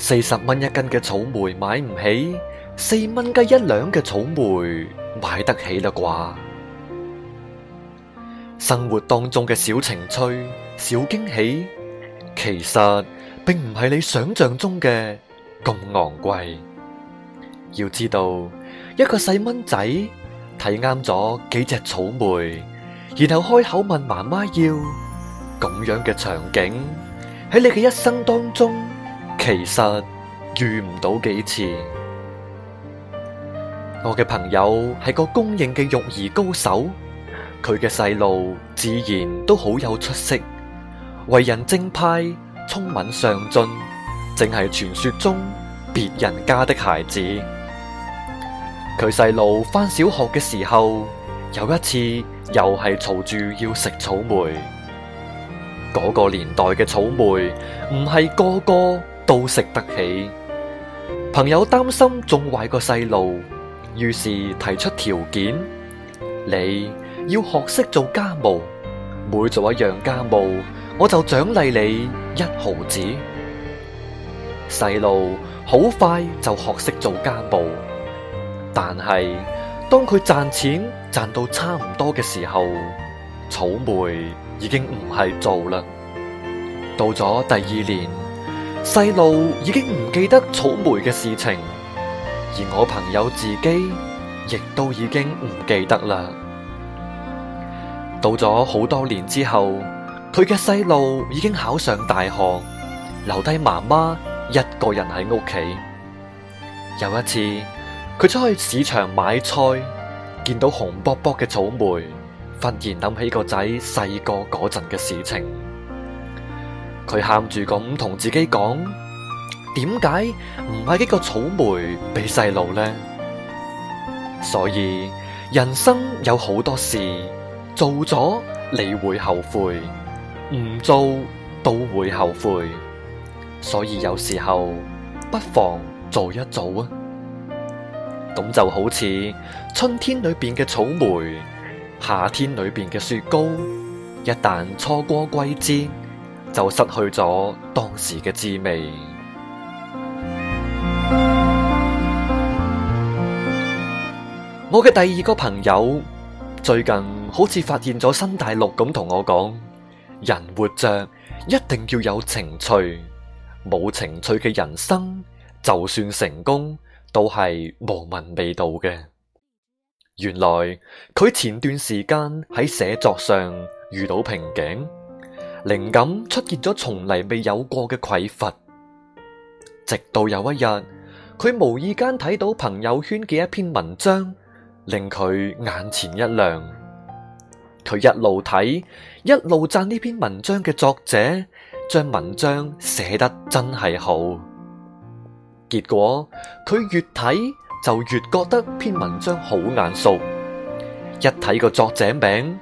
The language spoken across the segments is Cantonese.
四十蚊一斤嘅草莓買唔起，四蚊雞一兩嘅草莓買得起啦啩？生活當中嘅小情趣、小驚喜，其實並唔係你想象中嘅咁昂貴。要知道，一個細蚊仔睇啱咗幾隻草莓，然後開口問媽媽要，咁樣嘅場景，喺你嘅一生當中。其實遇唔到幾次。我嘅朋友係個公認嘅育兒高手，佢嘅細路自然都好有出息，為人正派，聰敏、上進，淨係傳說中別人家的孩子。佢細路返小學嘅時候，有一次又係嘈住要食草莓。嗰個年代嘅草莓唔係個個。都食得起，朋友擔心仲壞個細路，於是提出條件：你要學識做家務，每做一樣家務，我就獎勵你一毫子。細路好快就學識做家務，但係當佢賺錢賺到差唔多嘅時候，草莓已經唔係做啦。到咗第二年。細路已經唔記得草莓嘅事情，而我朋友自己亦都已經唔記得啦。到咗好多年之後，佢嘅細路已經考上大學，留低媽媽一個人喺屋企。有一次，佢出去市場買菜，見到紅卜卜嘅草莓，忽然諗起個仔細個嗰陣嘅事情。佢喊住咁同自己講：點解唔係一個草莓俾細路呢？所以人生有好多事做咗你會後悔，唔做都會後悔。所以有時候不妨做一做啊！咁就好似春天裏邊嘅草莓，夏天裏邊嘅雪糕，一旦錯過季節，就失去咗當時嘅滋味。我嘅第二個朋友最近好似發現咗新大陸咁，同我講：人活着一定要有情趣，冇情趣嘅人生，就算成功，都係無聞味道嘅。原來佢前段時間喺寫作上遇到瓶頸。靈感出現咗，從嚟未有過嘅匱乏。直到有一日，佢無意間睇到朋友圈嘅一篇文章，令佢眼前一亮。佢一路睇，一路讚呢篇文章嘅作者，將文章寫得真係好。結果，佢越睇就越覺得篇文章好眼熟，一睇個作者名，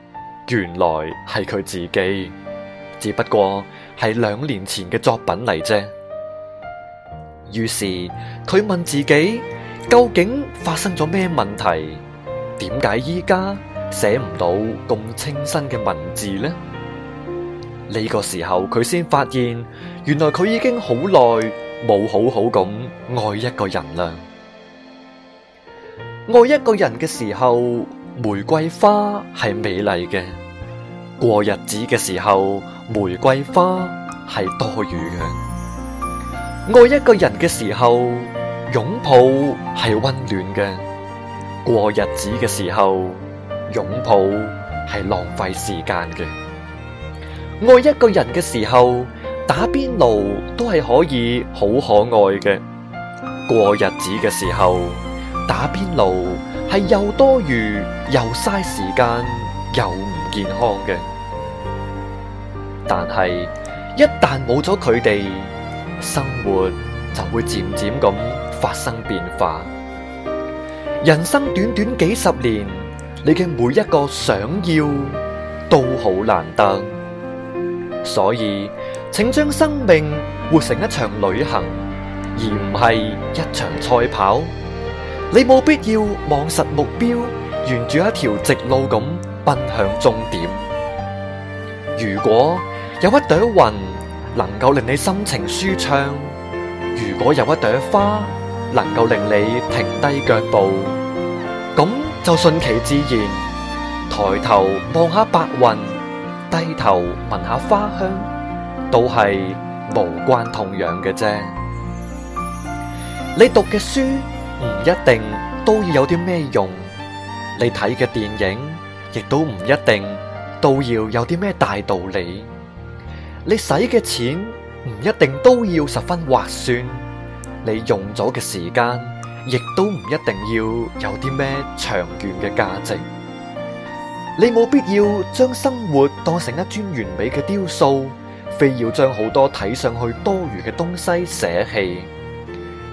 原來係佢自己。只不過係兩年前嘅作品嚟啫。於是佢問自己，究竟發生咗咩問題？點解依家寫唔到咁清新嘅文字呢？呢個時候佢先發現，原來佢已經好耐冇好好咁愛一個人啦。愛一個人嘅時候，玫瑰花係美麗嘅。過日子嘅時候，玫瑰花係多餘嘅；愛一個人嘅時候，擁抱係溫暖嘅；過日子嘅時候，擁抱係浪費時間嘅；愛一個人嘅時候，打邊爐都係可以好可愛嘅；過日子嘅時候，打邊爐係又多餘又嘥時間。又唔健康嘅，但係一旦冇咗佢哋，生活就會漸漸咁發生變化。人生短短幾十年，你嘅每一個想要都好難得，所以請將生命活成一場旅行，而唔係一場賽跑。你冇必要望實目標，沿住一條直路咁。奔向終點。如果有一朵雲能夠令你心情舒暢，如果有一朵花能夠令你停低腳步，咁就順其自然。抬頭望下白雲，低頭聞下花香，都係無關痛癢嘅啫。你讀嘅書唔一定都要有啲咩用，你睇嘅電影。亦都唔一定，都要有啲咩大道理。你使嘅錢唔一定都要十分划算，你用咗嘅時間亦都唔一定要有啲咩長遠嘅價值。你冇必要將生活當成一尊完美嘅雕塑，非要將好多睇上去多餘嘅東西捨棄。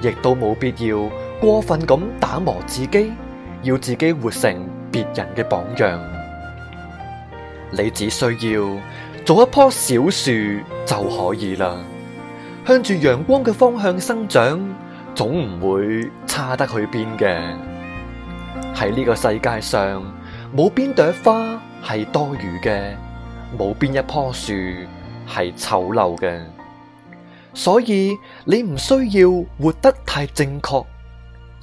亦都冇必要過分咁打磨自己，要自己活成。別人嘅榜樣，你只需要做一棵小樹就可以啦。向住陽光嘅方向生長，總唔會差得去邊嘅。喺呢個世界上，冇邊朵花係多餘嘅，冇邊一棵樹係醜陋嘅。所以你唔需要活得太正確，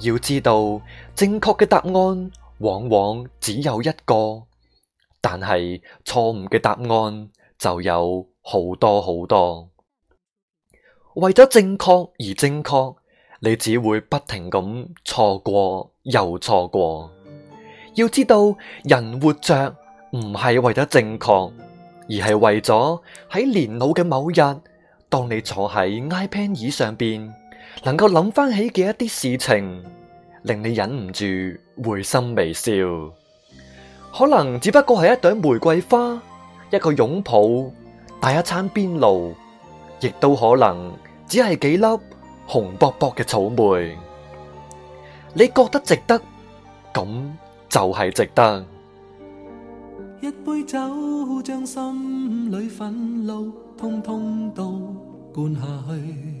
要知道正確嘅答案往往只有一個，但係錯誤嘅答案就有好多好多。為咗正確而正確，你只會不停咁錯過又錯過。要知道，人活着唔係為咗正確，而係為咗喺年老嘅某日，當你坐喺 iPad 椅上邊，能夠諗翻起嘅一啲事情，令你忍唔住會心微笑，可能只不過係一朵玫瑰花，一個擁抱，帶一餐邊爐，亦都可能只係幾粒紅卜卜嘅草莓。你覺得值得，咁就係值得。一杯酒將心裏憤怒通通都灌下去。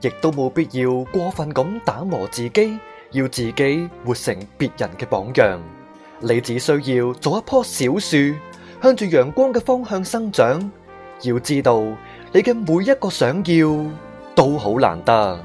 亦都冇必要過分咁打磨自己，要自己活成別人嘅榜樣。你只需要做一棵小樹，向住陽光嘅方向生長。要知道，你嘅每一個想要都好難得。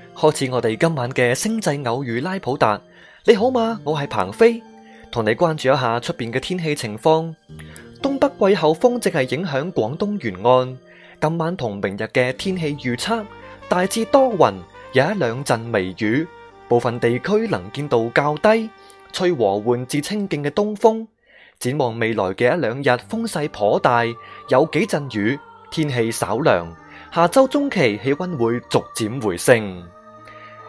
開始我哋今晚嘅星際偶遇拉普達，你好嗎？我係彭飛，同你關注一下出邊嘅天氣情況。東北季候風正係影響廣東沿岸，今晚同明日嘅天氣預測，大致多雲，有一兩陣微雨，部分地區能見度較低，吹和緩至清勁嘅東風。展望未來嘅一兩日，風勢頗大，有幾陣雨，天氣稍涼。下周中期氣溫會逐漸回升。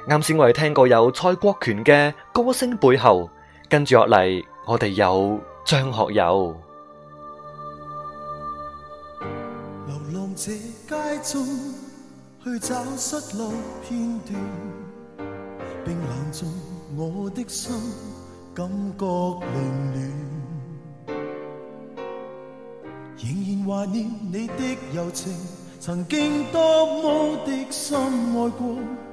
啱先我哋聽過有蔡國權嘅歌聲背後，跟住落嚟我哋有張學友。流浪者街中，去找失落片段，冰冷中我的心感覺凌亂，仍然懷念你的柔情，曾經多麼的深愛過。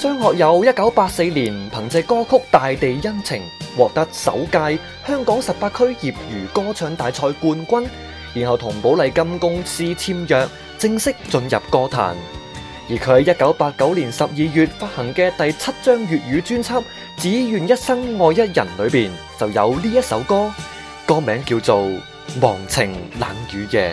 張學友一九八四年憑借歌曲《大地恩情》獲得首屆香港十八區業餘歌唱大賽冠軍，然後同寶麗金公司簽約，正式進入歌壇。而佢喺一九八九年十二月發行嘅第七張粵語專輯《只願一生愛一人》裏邊就有呢一首歌，歌名叫做《忘情冷雨夜》。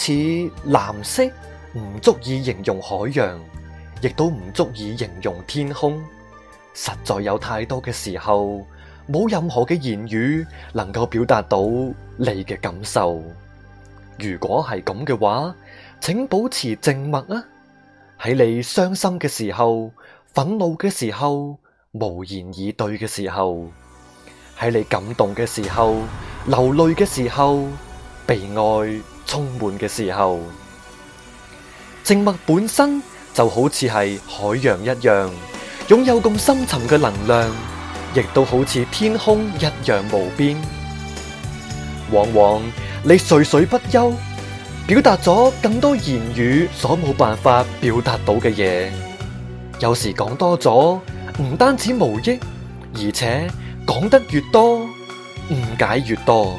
似藍色唔足以形容海洋，亦都唔足以形容天空。實在有太多嘅時候，冇任何嘅言語能夠表達到你嘅感受。如果係咁嘅話，請保持靜默啊！喺你傷心嘅時候、憤怒嘅時候、無言以對嘅時候、喺你感動嘅時候、流淚嘅時候、被愛。充滿嘅時候，靜默本身就好似係海洋一樣，擁有咁深層嘅能量，亦都好似天空一樣無邊。往往你絮絮不休，表達咗更多言語所冇辦法表達到嘅嘢。有時講多咗，唔單止無益，而且講得越多，誤解越多。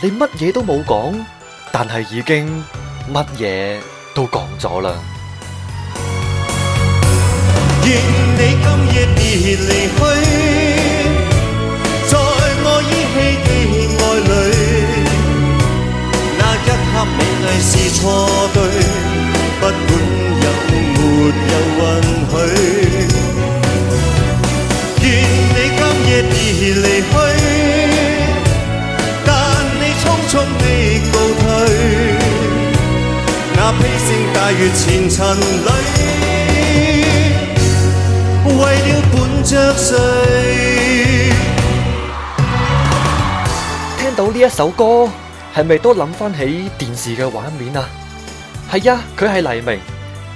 你乜嘢都冇講，但係已經乜嘢都講咗啦。 首歌係咪都諗翻起電視嘅畫面啊？係呀，佢係黎明。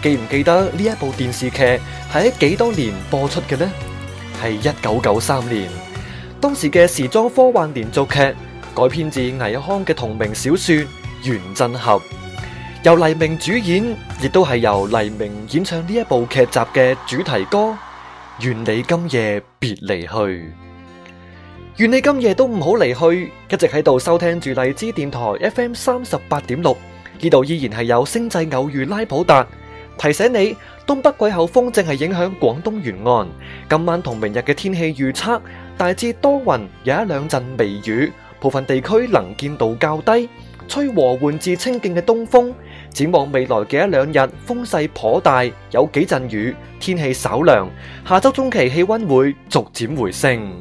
記唔記得呢一部電視劇係喺幾多年播出嘅呢？係一九九三年，當時嘅時裝科幻連續劇改編自倪匡嘅同名小說《原振俠》，由黎明主演，亦都係由黎明演唱呢一部劇集嘅主題歌《願你今夜別離去》。願你今夜都唔好離去，一直喺度收聽住荔枝電台 FM 三十八點六。呢度依然係有星際偶遇拉普達提醒你，東北季候風正係影響廣東沿岸，今晚同明日嘅天氣預測大致多雲，有一兩陣微雨，部分地區能見度較低，吹和緩至清勁嘅東風。展望未來嘅一兩日，風勢頗大，有幾陣雨，天氣稍涼。下週中期氣溫會逐漸回升。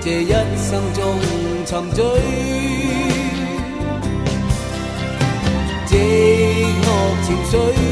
這一生中沉醉，寂寞憔悴。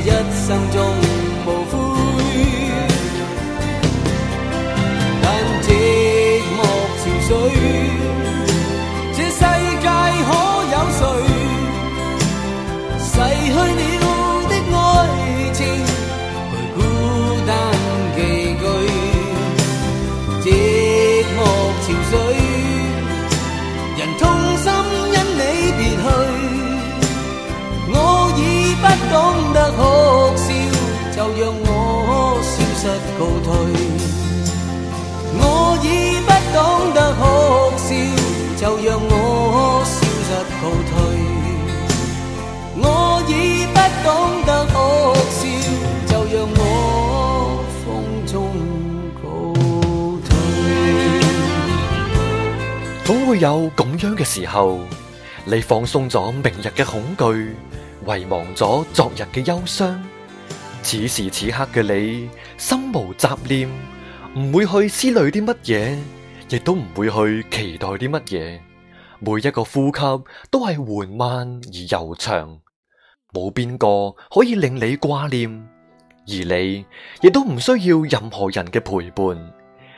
一生中，會有咁樣嘅時候，你放鬆咗明日嘅恐懼，遺忘咗昨日嘅憂傷。此時此刻嘅你，心無雜念，唔會去思慮啲乜嘢，亦都唔會去期待啲乜嘢。每一個呼吸都係緩慢而悠長，冇邊個可以令你掛念，而你亦都唔需要任何人嘅陪伴。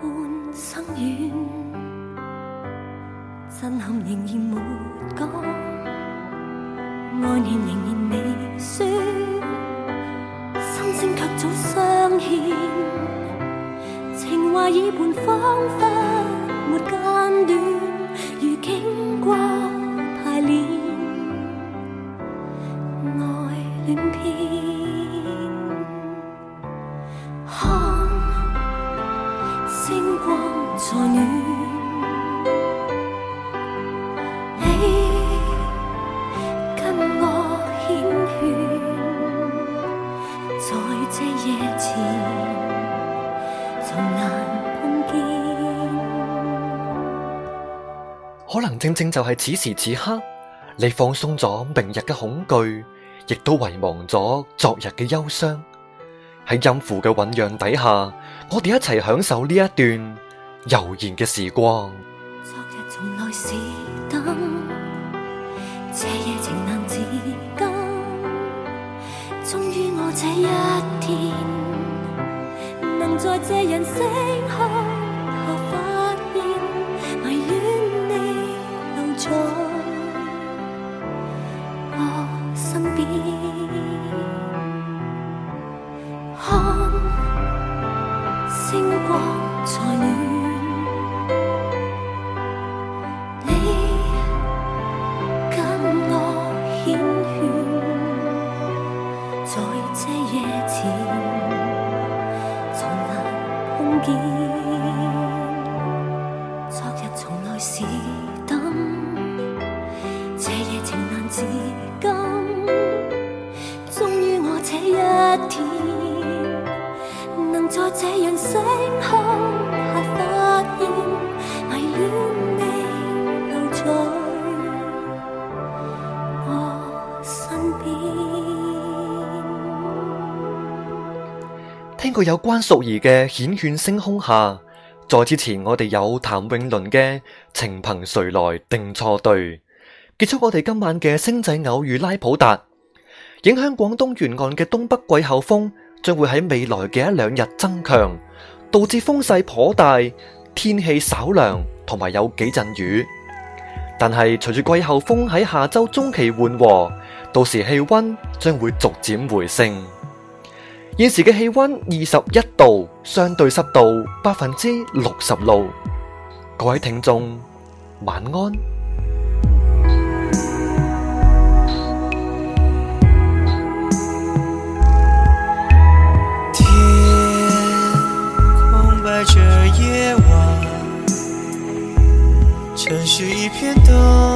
半生緣，真憾仍然沒講，愛念仍然未說，心聲卻早相欠，情話已半仿佛。正正就係此時此刻，你放鬆咗明日嘅恐懼，亦都遺忘咗昨日嘅憂傷。喺音符嘅醞釀底下，我哋一齊享受呢一段悠然嘅時光。這夜情難自禁。終於我，這一天，能在這樣星空下發現，你留在我身邊。聽過有關淑儀嘅《繾綣星空下》。再之前，我哋有譚詠麟嘅《情憑誰來定錯對》，結束我哋今晚嘅星際偶遇拉普達。影響廣東沿岸嘅東北季候風將會喺未來嘅一兩日增強，導致風勢頗大，天氣稍涼，同埋有幾陣雨。但係隨住季候風喺下周中期緩和，到時氣溫將會逐漸回升。現時嘅氣溫二十一度，相對濕度百分之六十六。各位聽眾，晚安。天空白著夜晚，城市一片燈，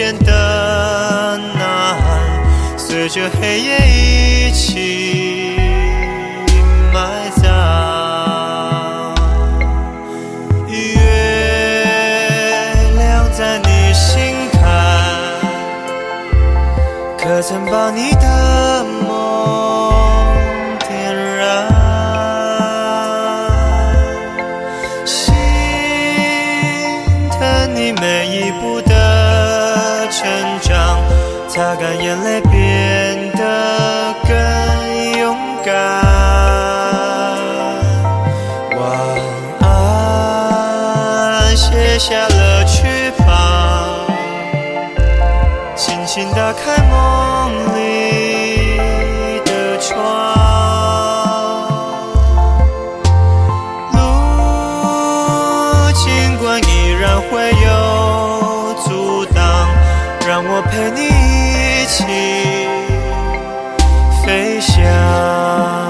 人的吶喊，隨着黑夜一起埋葬。月亮在你心坎，可曾把你的？擦乾眼淚，變得更勇敢。晚安，卸下了翅膀，輕輕打開夢裏的窗。路儘管依然會有阻擋，讓我陪你。一起飛翔。